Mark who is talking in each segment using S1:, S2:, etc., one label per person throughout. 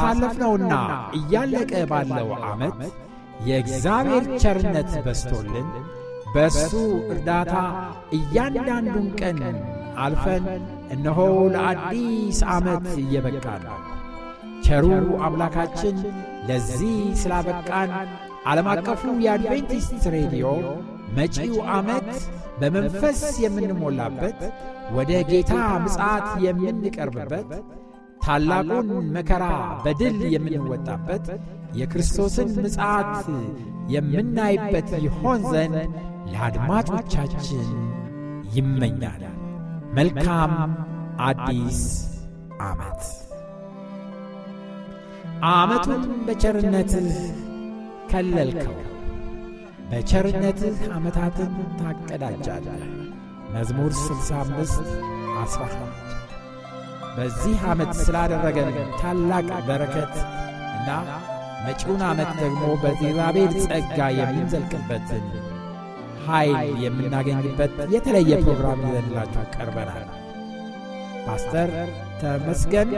S1: ባሳለፍነውና እያለቀ ባለው ዓመት የእግዚአብሔር ቸርነት በስቶልን በእሱ እርዳታ እያንዳንዱን ቀን አልፈን እነሆ ለአዲስ ዓመት እየበቃን ቸሩ አምላካችን ለዚህ ስላበቃን ዓለም አቀፉ የአድቬንቲስት ሬዲዮ መጪው ዓመት በመንፈስ የምንሞላበት ወደ ጌታ ምጻት የምንቀርብበት ታላቁን መከራ በድል የምንወጣበት የክርስቶስን ምጽት የምናይበት ይሆን ዘንድ ለአድማጮቻችን ይመኛል። መልካም አዲስ ዓመት። ዓመቱን በቸርነትህ
S2: ከለልከው፣ በቸርነትህ
S1: ዓመታትን ታቀዳጃለህ። መዝሙር 65 11 በዚህ ዓመት ስላደረገን ታላቅ በረከት እና መጪውን ዓመት ደግሞ በእግዚአብሔር ጸጋ የምንዘልቅበትን ኃይል የምናገኝበት የተለየ ፕሮግራም ይዘንላችሁ ቀርበናል። ፓስተር ተመስገን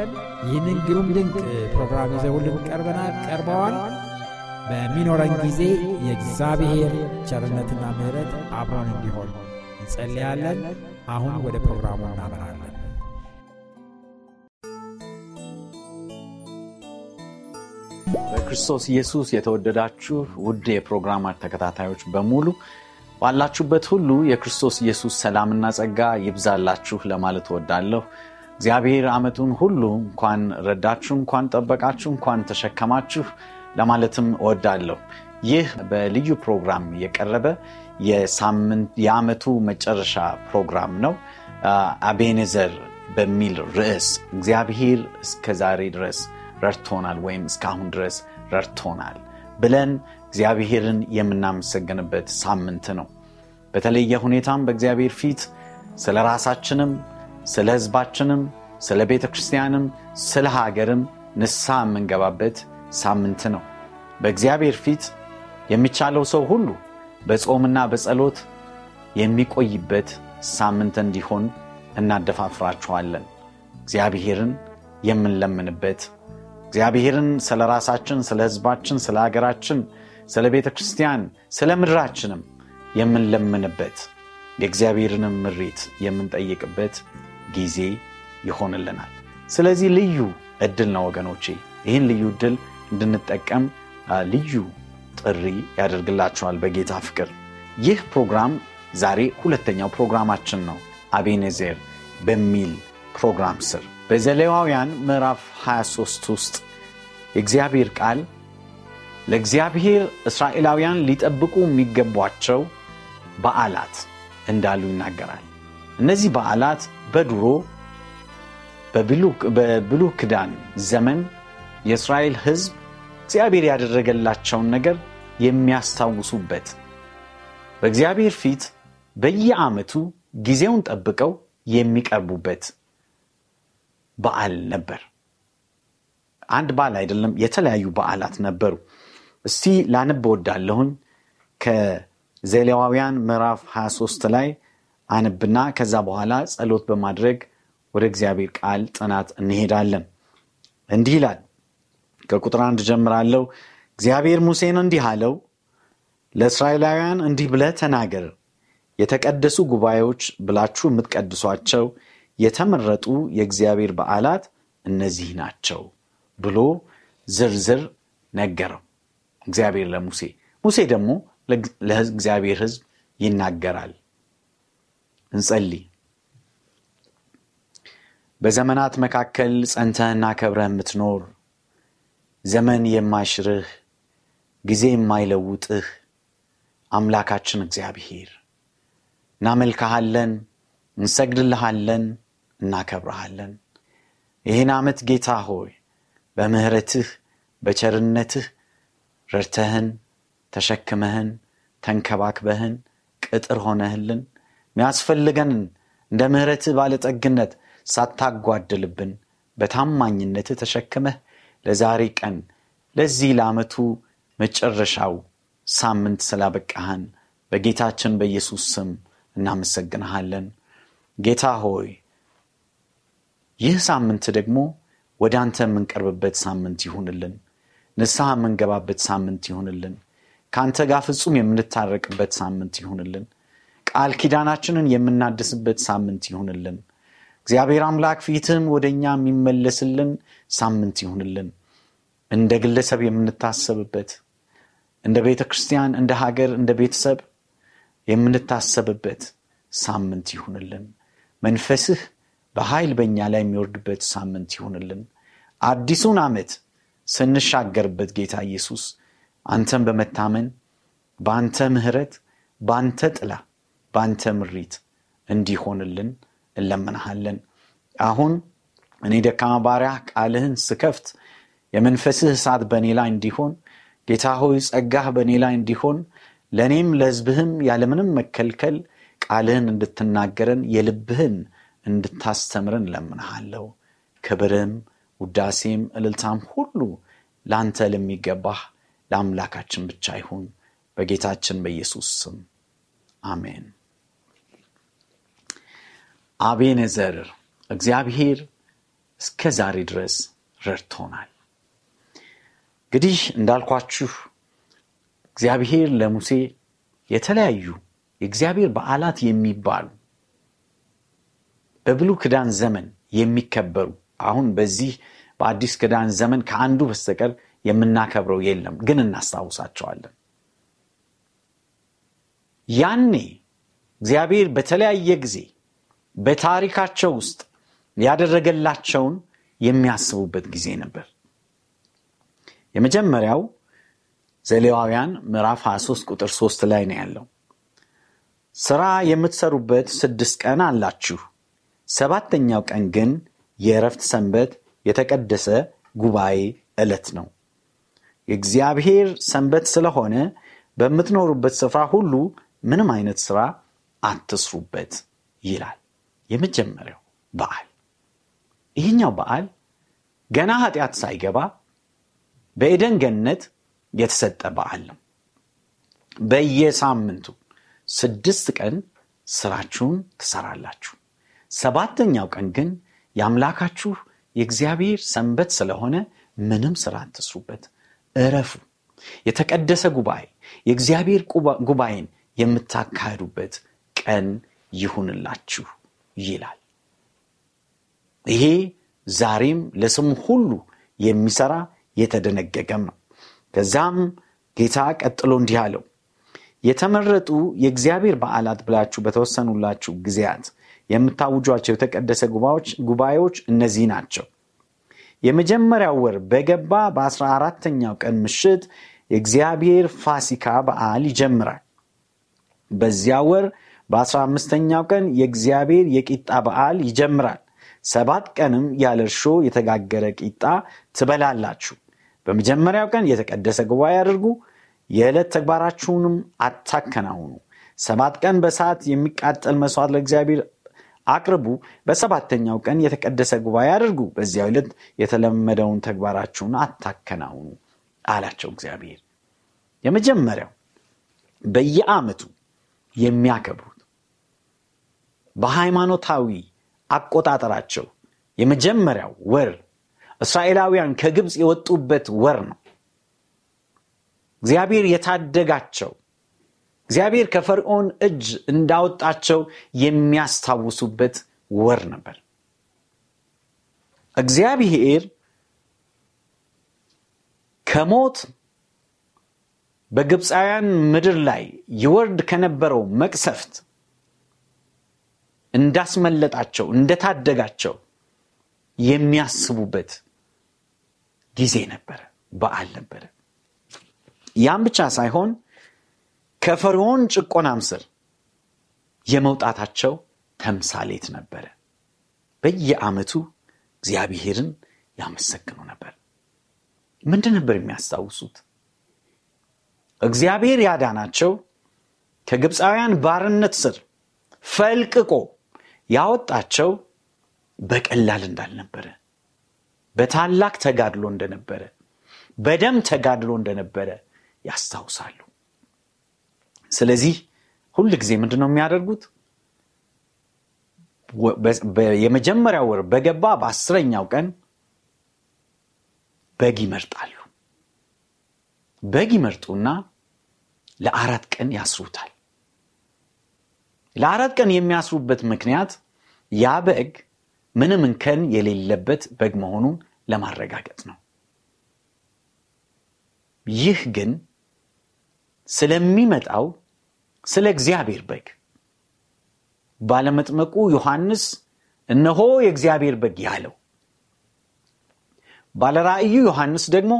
S1: ይህንን ግሩም ድንቅ ፕሮግራም ይዘውልን ቀርበናል ቀርበዋል። በሚኖረን ጊዜ የእግዚአብሔር ቸርነትና ምሕረት አብሮን እንዲሆን እንጸልያለን። አሁን ወደ ፕሮግራሙ እናመራለን።
S2: በክርስቶስ ኢየሱስ የተወደዳችሁ ውድ የፕሮግራማ ተከታታዮች በሙሉ ባላችሁበት ሁሉ የክርስቶስ ኢየሱስ ሰላምና ጸጋ ይብዛላችሁ ለማለት ወዳለሁ እግዚአብሔር አመቱን ሁሉ እንኳን ረዳችሁ፣ እንኳን ጠበቃችሁ፣ እንኳን ተሸከማችሁ ለማለትም ወዳለሁ ይህ በልዩ ፕሮግራም የቀረበ የአመቱ መጨረሻ ፕሮግራም ነው። አቤኔዘር በሚል ርዕስ እግዚአብሔር እስከ ዛሬ ድረስ ረድቶናል ወይም እስካሁን ድረስ ረድቶናል ብለን እግዚአብሔርን የምናመሰግንበት ሳምንት ነው በተለየ ሁኔታም በእግዚአብሔር ፊት ስለ ራሳችንም ስለ ህዝባችንም ስለ ቤተ ክርስቲያንም ስለ ሀገርም ንሳ የምንገባበት ሳምንት ነው በእግዚአብሔር ፊት የሚቻለው ሰው ሁሉ በጾምና በጸሎት የሚቆይበት ሳምንት እንዲሆን እናደፋፍራችኋለን እግዚአብሔርን የምንለምንበት እግዚአብሔርን ስለ ራሳችን፣ ስለ ህዝባችን፣ ስለ ሀገራችን፣ ስለ ቤተ ክርስቲያን፣ ስለ ምድራችንም የምንለምንበት የእግዚአብሔርንም ምሪት የምንጠይቅበት ጊዜ ይሆንልናል። ስለዚህ ልዩ እድል ነው ወገኖቼ። ይህን ልዩ እድል እንድንጠቀም ልዩ ጥሪ ያደርግላችኋል በጌታ ፍቅር። ይህ ፕሮግራም ዛሬ ሁለተኛው ፕሮግራማችን ነው አቤኔዜር በሚል ፕሮግራም ስር በዘሌዋውያን ምዕራፍ 23 ውስጥ የእግዚአብሔር ቃል ለእግዚአብሔር እስራኤላውያን ሊጠብቁ የሚገቧቸው በዓላት እንዳሉ ይናገራል። እነዚህ በዓላት በድሮ በብሉ ክዳን ዘመን የእስራኤል ህዝብ እግዚአብሔር ያደረገላቸውን ነገር የሚያስታውሱበት በእግዚአብሔር ፊት በየዓመቱ ጊዜውን ጠብቀው የሚቀርቡበት በዓል ነበር። አንድ በዓል አይደለም፣ የተለያዩ በዓላት ነበሩ። እስቲ ላንብ ወዳለሁኝ ከዘሌዋውያን ምዕራፍ 23 ላይ አንብና ከዛ በኋላ ጸሎት በማድረግ ወደ እግዚአብሔር ቃል ጥናት እንሄዳለን። እንዲህ ይላል ከቁጥር አንድ ጀምራለሁ። እግዚአብሔር ሙሴን እንዲህ አለው፣ ለእስራኤላውያን እንዲህ ብለህ ተናገር የተቀደሱ ጉባኤዎች ብላችሁ የምትቀድሷቸው የተመረጡ የእግዚአብሔር በዓላት እነዚህ ናቸው ብሎ ዝርዝር ነገረው እግዚአብሔር ለሙሴ። ሙሴ ደግሞ ለእግዚአብሔር ህዝብ ይናገራል። እንጸልይ። በዘመናት መካከል ጸንተህና ከብረህ የምትኖር ዘመን የማይሽርህ ጊዜ የማይለውጥህ አምላካችን እግዚአብሔር እናመልካሃለን እንሰግድልሃለን፣ እናከብረሃለን። ይህን ዓመት ጌታ ሆይ በምህረትህ በቸርነትህ ረድተህን፣ ተሸክመህን፣ ተንከባክበህን፣ ቅጥር ሆነህልን ሚያስፈልገንን እንደ ምህረትህ ባለጠግነት ሳታጓድልብን በታማኝነትህ ተሸክመህ ለዛሬ ቀን ለዚህ ለዓመቱ መጨረሻው ሳምንት ስላበቃህን በጌታችን በኢየሱስ ስም እናመሰግንሃለን። ጌታ ሆይ ይህ ሳምንት ደግሞ ወደ አንተ የምንቀርብበት ሳምንት ይሁንልን። ንስሐ የምንገባበት ሳምንት ይሁንልን። ከአንተ ጋር ፍጹም የምንታረቅበት ሳምንት ይሁንልን። ቃል ኪዳናችንን የምናድስበት ሳምንት ይሁንልን። እግዚአብሔር አምላክ ፊትህም ወደ እኛ የሚመለስልን ሳምንት ይሁንልን። እንደ ግለሰብ የምንታሰብበት፣ እንደ ቤተ ክርስቲያን፣ እንደ ሀገር፣ እንደ ቤተሰብ የምንታሰብበት ሳምንት ይሁንልን። መንፈስህ በኃይል በእኛ ላይ የሚወርድበት ሳምንት ይሁንልን። አዲሱን ዓመት ስንሻገርበት ጌታ ኢየሱስ አንተም በመታመን በአንተ ምህረት በአንተ ጥላ፣ በአንተ ምሪት እንዲሆንልን እለምናሃለን አሁን እኔ ደካማ ባሪያ ቃልህን ስከፍት የመንፈስህ እሳት በእኔ ላይ እንዲሆን ጌታ ሆይ ጸጋህ በእኔ ላይ እንዲሆን ለእኔም ለህዝብህም ያለምንም መከልከል ቃልህን እንድትናገረን የልብህን እንድታስተምረን ለምንሃለው ክብርም ውዳሴም እልልታም ሁሉ ለአንተ ለሚገባህ ለአምላካችን ብቻ ይሁን በጌታችን በኢየሱስ ስም አሜን። አቤነዘር እግዚአብሔር እስከ ዛሬ ድረስ ረድቶናል። እንግዲህ እንዳልኳችሁ እግዚአብሔር ለሙሴ የተለያዩ የእግዚአብሔር በዓላት የሚባሉ በብሉ ክዳን ዘመን የሚከበሩ አሁን በዚህ በአዲስ ክዳን ዘመን ከአንዱ በስተቀር የምናከብረው የለም፣ ግን እናስታውሳቸዋለን። ያኔ እግዚአብሔር በተለያየ ጊዜ በታሪካቸው ውስጥ ያደረገላቸውን የሚያስቡበት ጊዜ ነበር። የመጀመሪያው ዘሌዋውያን ምዕራፍ 23 ቁጥር 3 ላይ ነው ያለው። ሥራ የምትሰሩበት ስድስት ቀን አላችሁ። ሰባተኛው ቀን ግን የእረፍት ሰንበት፣ የተቀደሰ ጉባኤ ዕለት ነው። የእግዚአብሔር ሰንበት ስለሆነ በምትኖሩበት ስፍራ ሁሉ ምንም አይነት ሥራ አትስሩበት ይላል። የመጀመሪያው በዓል ይህኛው በዓል ገና ኃጢአት ሳይገባ በኤደን ገነት የተሰጠ በዓል ነው። በየሳምንቱ ስድስት ቀን ስራችሁን ትሰራላችሁ። ሰባተኛው ቀን ግን የአምላካችሁ የእግዚአብሔር ሰንበት ስለሆነ ምንም ስራ አትስሩበት፣ እረፉ። የተቀደሰ ጉባኤ የእግዚአብሔር ጉባኤን የምታካሂዱበት ቀን ይሁንላችሁ ይላል። ይሄ ዛሬም ለስሙ ሁሉ የሚሰራ የተደነገገም ነው። ከዛም ጌታ ቀጥሎ እንዲህ አለው የተመረጡ የእግዚአብሔር በዓላት ብላችሁ በተወሰኑላችሁ ጊዜያት የምታውጇቸው የተቀደሰ ጉባኤዎች እነዚህ ናቸው። የመጀመሪያው ወር በገባ በአስራ ተኛው ቀን ምሽት የእግዚአብሔር ፋሲካ በዓል ይጀምራል። በዚያ ወር በ 15 ተኛው ቀን የእግዚአብሔር የቂጣ በዓል ይጀምራል። ሰባት ቀንም ያለ እርሾ የተጋገረ ቂጣ ትበላላችሁ። በመጀመሪያው ቀን የተቀደሰ ጉባኤ አድርጉ። የዕለት ተግባራችሁንም አታከናውኑ። ሰባት ቀን በሰዓት የሚቃጠል መስዋዕት ለእግዚአብሔር አቅርቡ። በሰባተኛው ቀን የተቀደሰ ጉባኤ አድርጉ። በዚያ ዕለት የተለመደውን ተግባራችሁን አታከናውኑ አላቸው እግዚአብሔር። የመጀመሪያው በየአመቱ የሚያከብሩት በሃይማኖታዊ አቆጣጠራቸው የመጀመሪያው ወር እስራኤላውያን ከግብፅ የወጡበት ወር ነው። እግዚአብሔር የታደጋቸው እግዚአብሔር ከፈርዖን እጅ እንዳወጣቸው የሚያስታውሱበት ወር ነበር። እግዚአብሔር ከሞት በግብፃውያን ምድር ላይ ይወርድ ከነበረው መቅሰፍት እንዳስመለጣቸው እንደታደጋቸው የሚያስቡበት ጊዜ ነበረ፣ በዓል ነበረ። ያም ብቻ ሳይሆን ከፈርዖን ጭቆናም ስር የመውጣታቸው ተምሳሌት ነበረ። በየአመቱ እግዚአብሔርን ያመሰግኑ ነበር። ምንድን ነበር የሚያስታውሱት? እግዚአብሔር ያዳናቸው ከግብፃውያን ባርነት ስር ፈልቅቆ ያወጣቸው በቀላል እንዳልነበረ፣ በታላቅ ተጋድሎ እንደነበረ፣ በደም ተጋድሎ እንደነበረ ያስታውሳሉ። ስለዚህ ሁል ጊዜ ምንድን ነው የሚያደርጉት? የመጀመሪያው ወር በገባ በአስረኛው ቀን በግ ይመርጣሉ። በግ ይመርጡና ለአራት ቀን ያስሩታል። ለአራት ቀን የሚያስሩበት ምክንያት ያ በግ ምንም እንከን የሌለበት በግ መሆኑን ለማረጋገጥ ነው። ይህ ግን ስለሚመጣው ስለ እግዚአብሔር በግ ባለመጥመቁ ዮሐንስ እነሆ የእግዚአብሔር በግ ያለው ባለራእዩ ዮሐንስ ደግሞ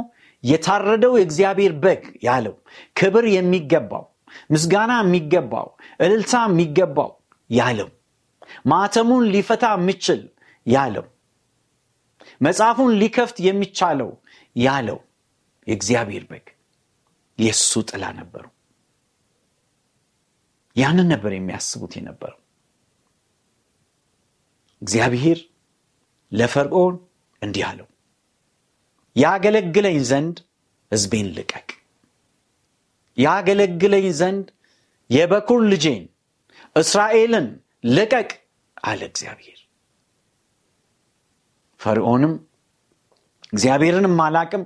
S2: የታረደው የእግዚአብሔር በግ ያለው ክብር የሚገባው ምስጋና የሚገባው እልልታ የሚገባው ያለው ማተሙን ሊፈታ የሚችል ያለው መጽሐፉን ሊከፍት የሚቻለው ያለው የእግዚአብሔር በግ የእሱ ጥላ ነበሩ። ያንን ነበር የሚያስቡት የነበረው። እግዚአብሔር ለፈርዖን እንዲህ አለው፣ ያገለግለኝ ዘንድ ህዝቤን ልቀቅ፣ ያገለግለኝ ዘንድ የበኩር ልጄን እስራኤልን ልቀቅ አለ እግዚአብሔር። ፈርዖንም እግዚአብሔርንም አላቅም፣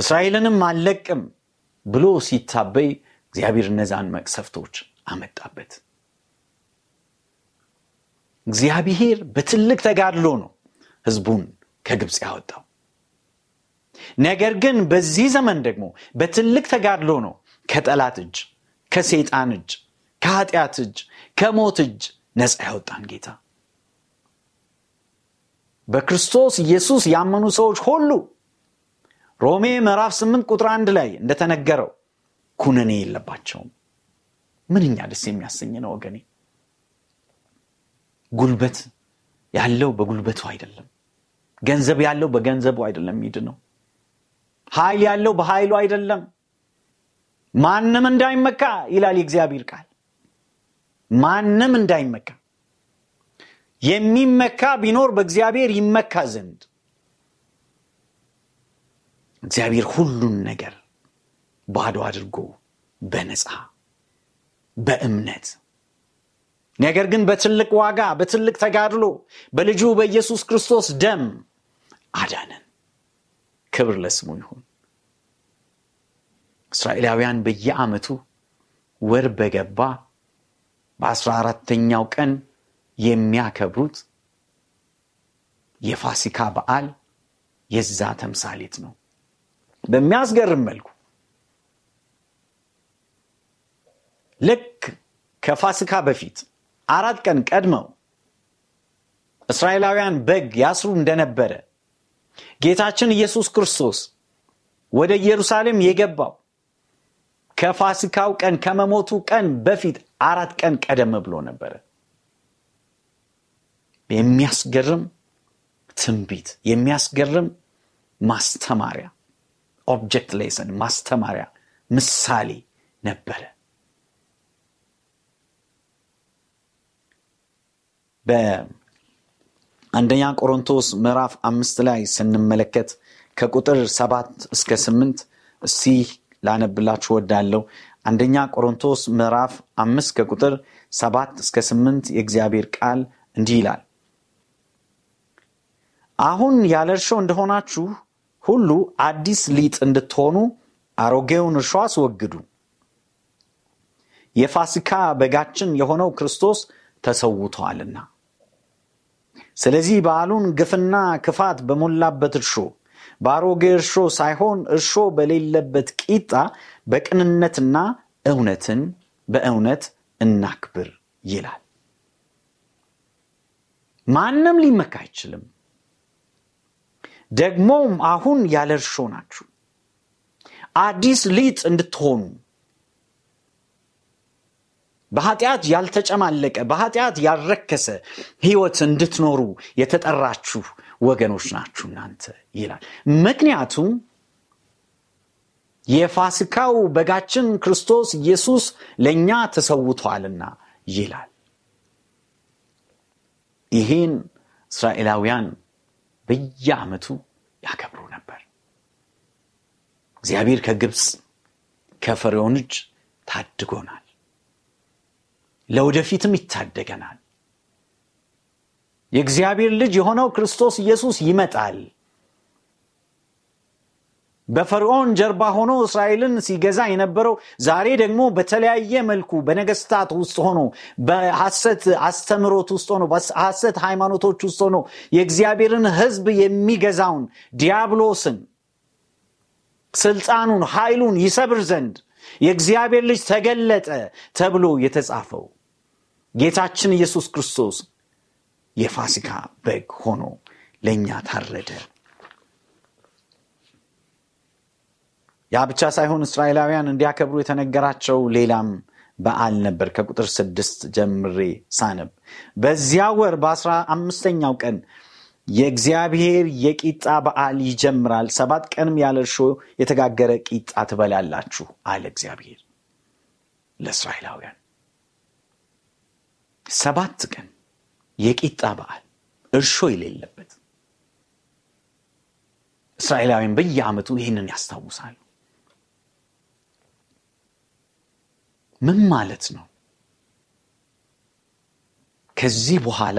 S2: እስራኤልንም አልለቅም ብሎ ሲታበይ እግዚአብሔር እነዛን መቅሰፍቶች አመጣበት። እግዚአብሔር በትልቅ ተጋድሎ ነው ህዝቡን ከግብፅ ያወጣው። ነገር ግን በዚህ ዘመን ደግሞ በትልቅ ተጋድሎ ነው ከጠላት እጅ፣ ከሰይጣን እጅ፣ ከኃጢአት እጅ፣ ከሞት እጅ ነፃ ያወጣን ጌታ። በክርስቶስ ኢየሱስ ያመኑ ሰዎች ሁሉ ሮሜ ምዕራፍ ስምንት ቁጥር አንድ ላይ እንደተነገረው ኩነኔ የለባቸውም ምንኛ ደስ የሚያሰኝ ነው ወገኔ ጉልበት ያለው በጉልበቱ አይደለም ገንዘብ ያለው በገንዘቡ አይደለም ሚድ ነው ኃይል ያለው በኃይሉ አይደለም ማንም እንዳይመካ ይላል የእግዚአብሔር ቃል ማንም እንዳይመካ የሚመካ ቢኖር በእግዚአብሔር ይመካ ዘንድ እግዚአብሔር ሁሉን ነገር ባዶ አድርጎ በነፃ በእምነት ነገር ግን በትልቅ ዋጋ በትልቅ ተጋድሎ በልጁ በኢየሱስ ክርስቶስ ደም አዳነን ክብር ለስሙ ይሁን እስራኤላውያን በየአመቱ ወር በገባ በአስራ አራተኛው ቀን የሚያከብሩት የፋሲካ በዓል የዛ ተምሳሌት ነው በሚያስገርም መልኩ ልክ ከፋሲካ በፊት አራት ቀን ቀድመው እስራኤላውያን በግ ያስሩ እንደነበረ ጌታችን ኢየሱስ ክርስቶስ ወደ ኢየሩሳሌም የገባው ከፋሲካው ቀን ከመሞቱ ቀን በፊት አራት ቀን ቀደም ብሎ ነበረ። የሚያስገርም ትንቢት፣ የሚያስገርም ማስተማሪያ ኦብጀክት ሌሰን ማስተማሪያ ምሳሌ ነበረ። በአንደኛ ቆሮንቶስ ምዕራፍ አምስት ላይ ስንመለከት ከቁጥር ሰባት እስከ ስምንት እሲ ላነብላችሁ ወዳለው አንደኛ ቆሮንቶስ ምዕራፍ አምስት ከቁጥር ሰባት እስከ ስምንት የእግዚአብሔር ቃል እንዲህ ይላል አሁን ያለ እርሾ እንደሆናችሁ ሁሉ አዲስ ሊጥ እንድትሆኑ አሮጌውን እርሾ አስወግዱ። የፋሲካ በጋችን የሆነው ክርስቶስ ተሰውቷልና። ስለዚህ በዓሉን ግፍና ክፋት በሞላበት እርሾ በአሮጌ እርሾ ሳይሆን እርሾ በሌለበት ቂጣ በቅንነትና እውነትን በእውነት እናክብር ይላል። ማንም ሊመካ አይችልም። ደግሞም አሁን ያለ እርሾ ናችሁ አዲስ ሊጥ እንድትሆኑ በኃጢአት ያልተጨማለቀ በኃጢአት ያልረከሰ ህይወት እንድትኖሩ የተጠራችሁ ወገኖች ናችሁ እናንተ ይላል ምክንያቱም የፋሲካው በጋችን ክርስቶስ ኢየሱስ ለእኛ ተሰውቷልና ይላል ይህን እስራኤላውያን በየዓመቱ ያከብሩ ነበር። እግዚአብሔር ከግብፅ ከፈርዖን እጅ ታድጎናል፣ ለወደፊትም ይታደገናል። የእግዚአብሔር ልጅ የሆነው ክርስቶስ ኢየሱስ ይመጣል። በፈርዖን ጀርባ ሆኖ እስራኤልን ሲገዛ የነበረው ዛሬ ደግሞ በተለያየ መልኩ በነገስታት ውስጥ ሆኖ በሐሰት አስተምሮት ውስጥ ሆኖ በሐሰት ሃይማኖቶች ውስጥ ሆኖ የእግዚአብሔርን ህዝብ የሚገዛውን ዲያብሎስን ስልጣኑን ኃይሉን ይሰብር ዘንድ የእግዚአብሔር ልጅ ተገለጠ ተብሎ የተጻፈው ጌታችን ኢየሱስ ክርስቶስ የፋሲካ በግ ሆኖ ለእኛ ታረደ ያ ብቻ ሳይሆን እስራኤላውያን እንዲያከብሩ የተነገራቸው ሌላም በዓል ነበር። ከቁጥር ስድስት ጀምሬ ሳነብ በዚያ ወር በአስራ አምስተኛው ቀን የእግዚአብሔር የቂጣ በዓል ይጀምራል፣ ሰባት ቀንም ያለ እርሾ የተጋገረ ቂጣ ትበላላችሁ አለ እግዚአብሔር ለእስራኤላውያን። ሰባት ቀን የቂጣ በዓል እርሾ የሌለበት። እስራኤላውያን በየአመቱ ይህንን ያስታውሳሉ። ምን ማለት ነው? ከዚህ በኋላ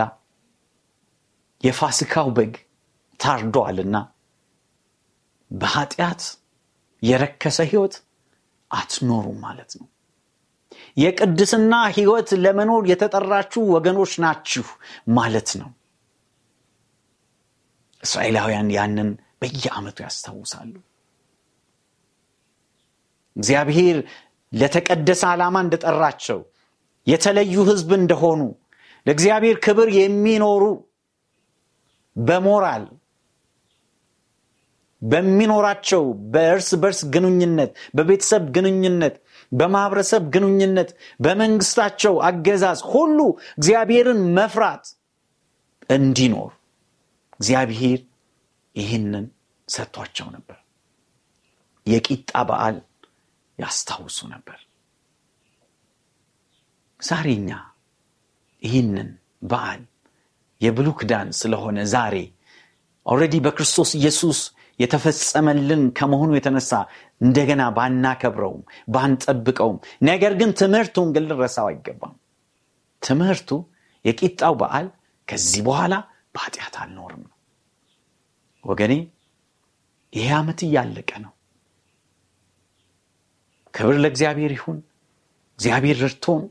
S2: የፋሲካው በግ ታርዷልና በኃጢአት የረከሰ ህይወት አትኖሩም ማለት ነው። የቅድስና ህይወት ለመኖር የተጠራችሁ ወገኖች ናችሁ ማለት ነው። እስራኤላውያን ያንን በየአመቱ ያስታውሳሉ። እግዚአብሔር ለተቀደሰ ዓላማ እንደጠራቸው የተለዩ ህዝብ እንደሆኑ ለእግዚአብሔር ክብር የሚኖሩ በሞራል በሚኖራቸው በእርስ በርስ ግንኙነት፣ በቤተሰብ ግንኙነት፣ በማህበረሰብ ግንኙነት፣ በመንግስታቸው አገዛዝ ሁሉ እግዚአብሔርን መፍራት እንዲኖር እግዚአብሔር ይህንን ሰጥቷቸው ነበር። የቂጣ በዓል ያስታውሱ ነበር። ዛሬኛ ይህንን በዓል የብሉ ዳን ስለሆነ ዛሬ ኦረዲ በክርስቶስ ኢየሱስ የተፈጸመልን ከመሆኑ የተነሳ እንደገና ባናከብረውም ባንጠብቀውም፣ ነገር ግን ትምህርቱን ግን ልረሳው አይገባም። ትምህርቱ የቂጣው በዓል ከዚህ በኋላ በኃጢአት አልኖርም ነው። ወገኔ ይሄ ዓመት እያለቀ ነው። ክብር ለእግዚአብሔር ይሁን እግዚአብሔር ረድቶን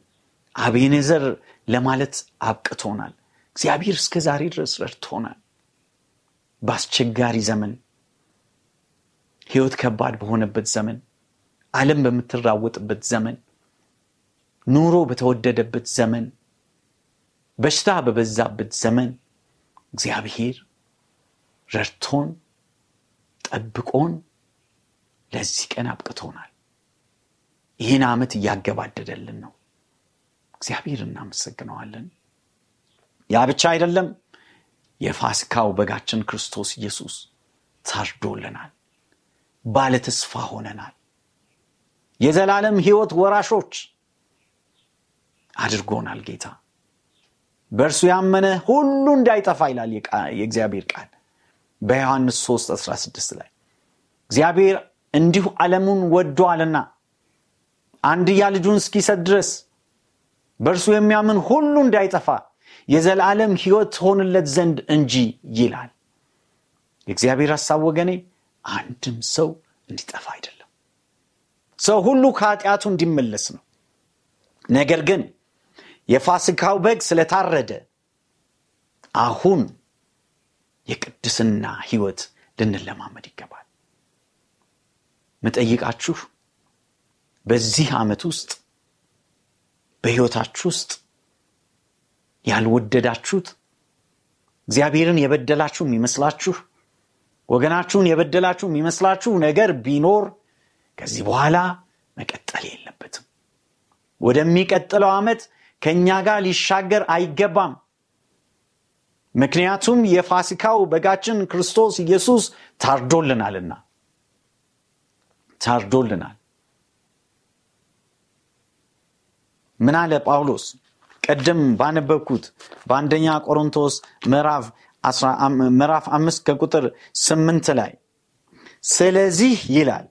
S2: አቤኔዘር ለማለት አብቅቶናል እግዚአብሔር እስከ ዛሬ ድረስ ረድቶናል በአስቸጋሪ ዘመን ህይወት ከባድ በሆነበት ዘመን አለም በምትራወጥበት ዘመን ኑሮ በተወደደበት ዘመን በሽታ በበዛበት ዘመን እግዚአብሔር ረድቶን ጠብቆን ለዚህ ቀን አብቅቶናል ይህን ዓመት እያገባደደልን ነው። እግዚአብሔር እናመሰግነዋለን። ያ ብቻ አይደለም። የፋሲካው በጋችን ክርስቶስ ኢየሱስ ታርዶልናል። ባለተስፋ ሆነናል። የዘላለም ሕይወት ወራሾች አድርጎናል ጌታ። በእርሱ ያመነ ሁሉ እንዳይጠፋ ይላል የእግዚአብሔር ቃል በዮሐንስ 3 16 ላይ እግዚአብሔር እንዲሁ ዓለሙን ወዶአልና አንድያ ልጁን እስኪሰጥ ድረስ በእርሱ የሚያምን ሁሉ እንዳይጠፋ የዘላለም ሕይወት ትሆንለት ዘንድ እንጂ ይላል። የእግዚአብሔር ሐሳብ ወገኔ አንድም ሰው እንዲጠፋ አይደለም። ሰው ሁሉ ከኃጢአቱ እንዲመለስ ነው። ነገር ግን የፋሲካው በግ ስለታረደ አሁን የቅድስና ሕይወት ልንለማመድ ይገባል። መጠይቃችሁ በዚህ ዓመት ውስጥ በሕይወታችሁ ውስጥ ያልወደዳችሁት እግዚአብሔርን የበደላችሁ የሚመስላችሁ ወገናችሁን የበደላችሁ የሚመስላችሁ ነገር ቢኖር ከዚህ በኋላ መቀጠል የለበትም። ወደሚቀጥለው ዓመት ከእኛ ጋር ሊሻገር አይገባም። ምክንያቱም የፋሲካው በጋችን ክርስቶስ ኢየሱስ ታርዶልናልና ታርዶልናል። ምን አለ ጳውሎስ? ቀደም ባነበብኩት በአንደኛ ቆሮንቶስ ምዕራፍ አምስት ከቁጥር ስምንት ላይ ስለዚህ ይላል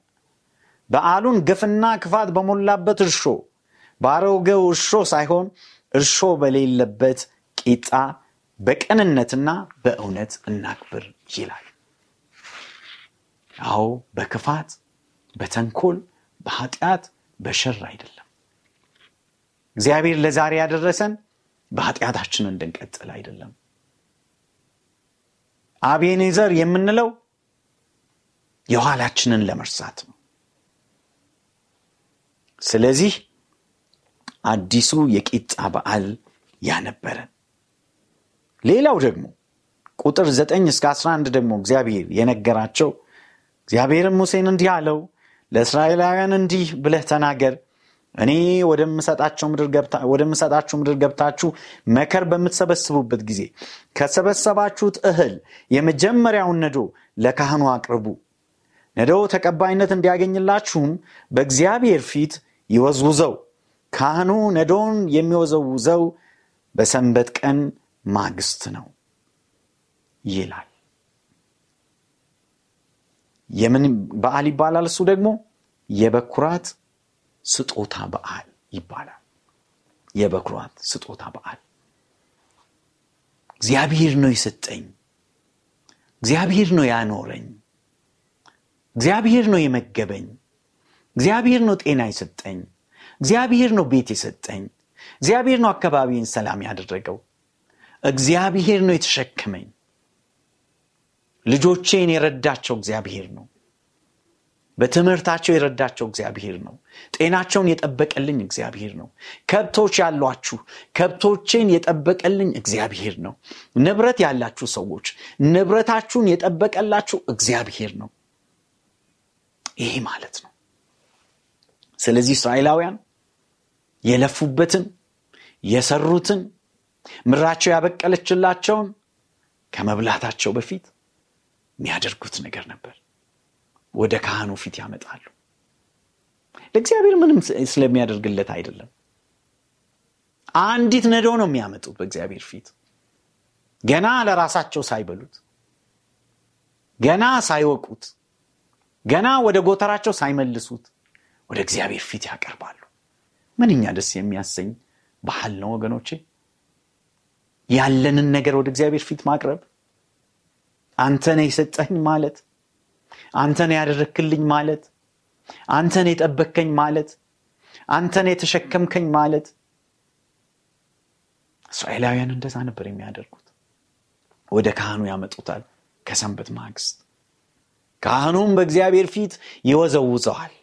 S2: በዓሉን ግፍና ክፋት በሞላበት እርሾ ባሮጌው እርሾ ሳይሆን እርሾ በሌለበት ቂጣ በቅንነትና በእውነት እናክብር ይላል። አዎ በክፋት፣ በተንኮል፣ በኃጢአት፣ በሸር አይደለም። እግዚአብሔር ለዛሬ ያደረሰን በኃጢአታችን እንድንቀጥል አይደለም። አቤኔዘር የምንለው የኋላችንን ለመርሳት ነው። ስለዚህ አዲሱ የቂጣ በዓል ያነበረን። ሌላው ደግሞ ቁጥር ዘጠኝ እስከ 11 ደግሞ እግዚአብሔር የነገራቸው እግዚአብሔርም ሙሴን እንዲህ አለው፣ ለእስራኤላውያን እንዲህ ብለህ ተናገር እኔ ወደምሰጣችሁ ምድር ገብታችሁ መከር በምትሰበስቡበት ጊዜ ከሰበሰባችሁት እህል የመጀመሪያውን ነዶ ለካህኑ አቅርቡ። ነዶ ተቀባይነት እንዲያገኝላችሁም በእግዚአብሔር ፊት ይወዝውዘው። ካህኑ ነዶውን የሚወዘውዘው በሰንበት ቀን ማግስት ነው ይላል። የምን በዓል ይባላል? እሱ ደግሞ የበኩራት ስጦታ በዓል ይባላል። የበኩራት ስጦታ በዓል እግዚአብሔር ነው የሰጠኝ፣ እግዚአብሔር ነው ያኖረኝ፣ እግዚአብሔር ነው የመገበኝ፣ እግዚአብሔር ነው ጤና የሰጠኝ፣ እግዚአብሔር ነው ቤት የሰጠኝ፣ እግዚአብሔር ነው አካባቢን ሰላም ያደረገው፣ እግዚአብሔር ነው የተሸከመኝ፣ ልጆቼን የረዳቸው እግዚአብሔር ነው በትምህርታቸው የረዳቸው እግዚአብሔር ነው። ጤናቸውን የጠበቀልኝ እግዚአብሔር ነው። ከብቶች ያሏችሁ ከብቶችን የጠበቀልኝ እግዚአብሔር ነው። ንብረት ያላችሁ ሰዎች ንብረታችሁን የጠበቀላችሁ እግዚአብሔር ነው። ይሄ ማለት ነው። ስለዚህ እስራኤላውያን የለፉበትን የሰሩትን ምድራቸው ያበቀለችላቸውን ከመብላታቸው በፊት የሚያደርጉት ነገር ነበር። ወደ ካህኑ ፊት ያመጣሉ። ለእግዚአብሔር ምንም ስለሚያደርግለት አይደለም። አንዲት ነዶ ነው የሚያመጡት በእግዚአብሔር ፊት ገና ለራሳቸው ሳይበሉት፣ ገና ሳይወቁት፣ ገና ወደ ጎተራቸው ሳይመልሱት ወደ እግዚአብሔር ፊት ያቀርባሉ። ምንኛ ደስ የሚያሰኝ ባህል ነው ወገኖቼ። ያለንን ነገር ወደ እግዚአብሔር ፊት ማቅረብ አንተ የሰጠኝ ማለት አንተን ያደረክልኝ ማለት አንተን የጠበከኝ ማለት አንተን የተሸከምከኝ ማለት እስራኤላውያን እንደዛ ነበር የሚያደርጉት ወደ ካህኑ ያመጡታል ከሰንበት ማግስት ካህኑም በእግዚአብሔር ፊት ይወዘውዘዋል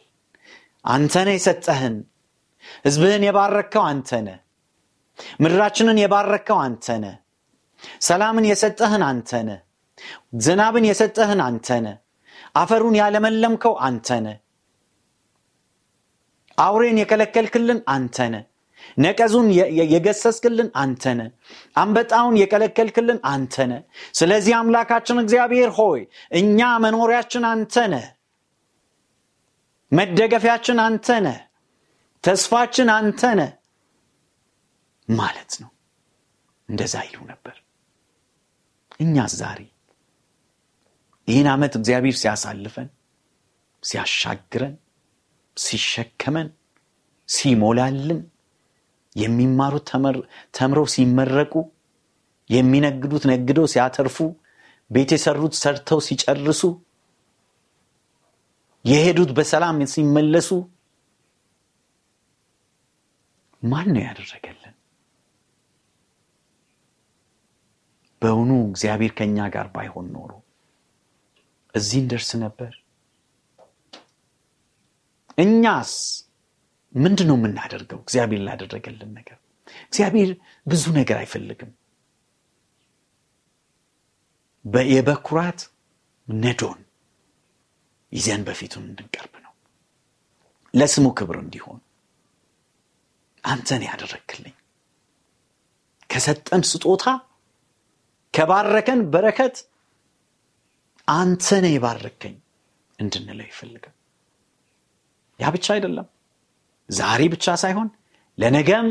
S2: አንተነ የሰጠህን ህዝብህን የባረከው አንተነ ምድራችንን የባረከው አንተነ ሰላምን የሰጠህን አንተነ ዝናብን የሰጠህን አንተነ አፈሩን ያለመለምከው አንተነ አውሬን የከለከልክልን አንተነ ነቀዙን የገሰስክልን አንተነ አንበጣውን የቀለከልክልን አንተነ ስለዚህ አምላካችን እግዚአብሔር ሆይ እኛ መኖሪያችን አንተነ መደገፊያችን አንተነ ተስፋችን አንተነ ማለት ነው እንደዛ ይሉ ነበር እኛ ዛሬ ይህን ዓመት እግዚአብሔር ሲያሳልፈን፣ ሲያሻግረን፣ ሲሸከመን፣ ሲሞላልን፣ የሚማሩት ተምረው ሲመረቁ፣ የሚነግዱት ነግደው ሲያተርፉ፣ ቤት የሰሩት ሰርተው ሲጨርሱ፣ የሄዱት በሰላም ሲመለሱ ማን ነው ያደረገልን? በውኑ እግዚአብሔር ከእኛ ጋር ባይሆን ኖሮ እዚህ እንደርስ ነበር። እኛስ ምንድን ነው የምናደርገው? እግዚአብሔር ላደረገልን ነገር እግዚአብሔር ብዙ ነገር አይፈልግም። የበኩራት ነዶን ይዘን በፊቱን እንድንቀርብ ነው። ለስሙ ክብር እንዲሆን አንተን ያደረግክልኝ ከሰጠን ስጦታ ከባረከን በረከት አንተ የባረከኝ እንድንለው ይፈልጋል ያ ብቻ አይደለም ዛሬ ብቻ ሳይሆን ለነገም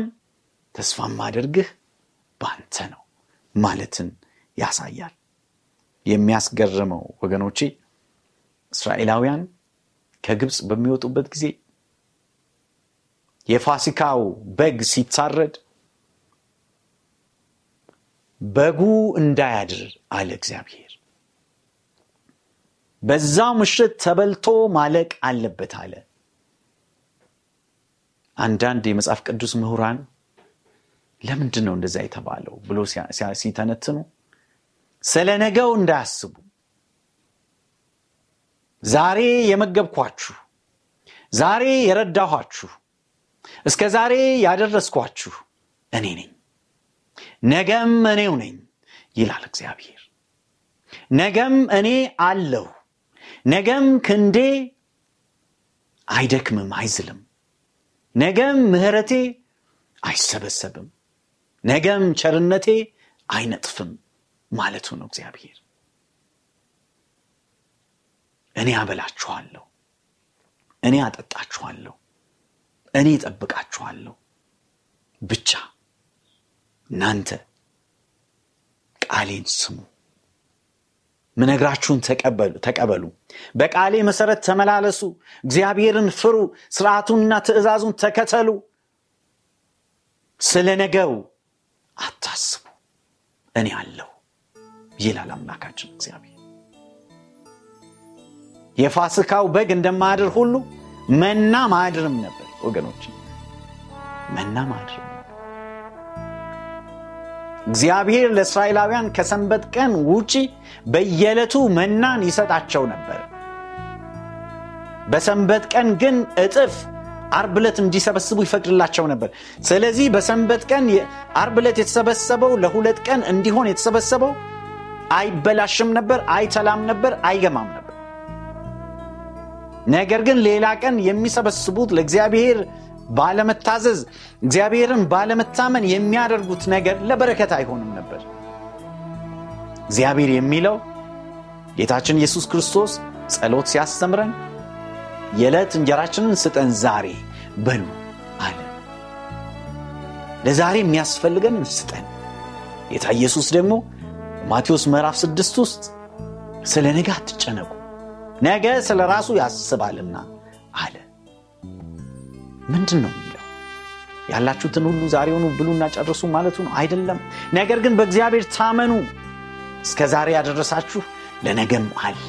S2: ተስፋ ማደርግህ በአንተ ነው ማለትን ያሳያል የሚያስገርመው ወገኖቼ እስራኤላውያን ከግብፅ በሚወጡበት ጊዜ የፋሲካው በግ ሲታረድ በጉ እንዳያድር አለ እግዚአብሔር በዛ ምሽት ተበልቶ ማለቅ አለበት አለ። አንዳንድ የመጽሐፍ ቅዱስ ምሁራን ለምንድን ነው እንደዚያ የተባለው ብሎ ሲተነትኑ ስለ ነገው እንዳያስቡ ዛሬ የመገብኳችሁ፣ ዛሬ የረዳኋችሁ፣ እስከ ዛሬ ያደረስኳችሁ እኔ ነኝ፣ ነገም እኔው ነኝ ይላል እግዚአብሔር። ነገም እኔ አለሁ ነገም ክንዴ አይደክምም፣ አይዝልም። ነገም ምህረቴ አይሰበሰብም፣ ነገም ቸርነቴ አይነጥፍም ማለቱ ነው እግዚአብሔር። እኔ አበላችኋለሁ፣ እኔ አጠጣችኋለሁ፣ እኔ ጠብቃችኋለሁ ብቻ እናንተ ቃሌን ስሙ። ምነግራችሁን ተቀበሉ፣ በቃሌ መሰረት ተመላለሱ፣ እግዚአብሔርን ፍሩ፣ ስርዓቱንና ትእዛዙን ተከተሉ። ስለ ነገው አታስቡ፣ እኔ አለው ይላል አምላካችን እግዚአብሔር። የፋስካው በግ እንደማድር ሁሉ መና ማድርም ነበር ወገኖች፣ መና ማድርም እግዚአብሔር ለእስራኤላውያን ከሰንበት ቀን ውጪ በየዕለቱ መናን ይሰጣቸው ነበር። በሰንበት ቀን ግን እጥፍ አርብ እንዲሰበስቡ ይፈቅድላቸው ነበር። ስለዚህ በሰንበት ቀን አርብ የተሰበሰበው ለሁለት ቀን እንዲሆን የተሰበሰበው አይበላሽም ነበር፣ አይተላም ነበር፣ አይገማም ነበር። ነገር ግን ሌላ ቀን የሚሰበስቡት ለእግዚአብሔር ባለመታዘዝ፣ እግዚአብሔርን ባለመታመን የሚያደርጉት ነገር ለበረከት አይሆንም ነበር። እግዚአብሔር የሚለው ጌታችን ኢየሱስ ክርስቶስ ጸሎት ሲያስተምረን የዕለት እንጀራችንን ስጠን ዛሬ በሉ አለ። ለዛሬ የሚያስፈልገንን ስጠን። ጌታ ኢየሱስ ደግሞ ማቴዎስ ምዕራፍ ስድስት ውስጥ ስለ ነገ አትጨነቁ፣ ነገ ስለ ራሱ ያስባልና አለ። ምንድን ነው የሚለው? ያላችሁትን ሁሉ ዛሬውኑ ብሉና ጨርሱ ማለቱ ነው አይደለም። ነገር ግን በእግዚአብሔር ታመኑ፣ እስከ ዛሬ ያደረሳችሁ ለነገም አለ።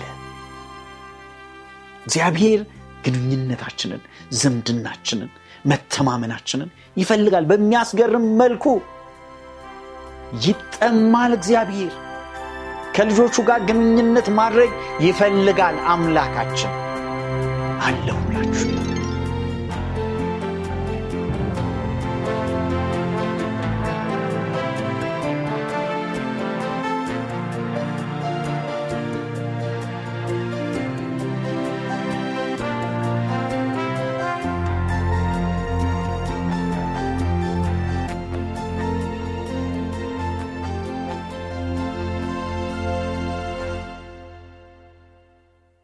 S2: እግዚአብሔር ግንኙነታችንን፣ ዝምድናችንን፣ መተማመናችንን ይፈልጋል። በሚያስገርም መልኩ ይጠማል እግዚአብሔር ከልጆቹ ጋር ግንኙነት ማድረግ ይፈልጋል አምላካችን አለሁላችሁ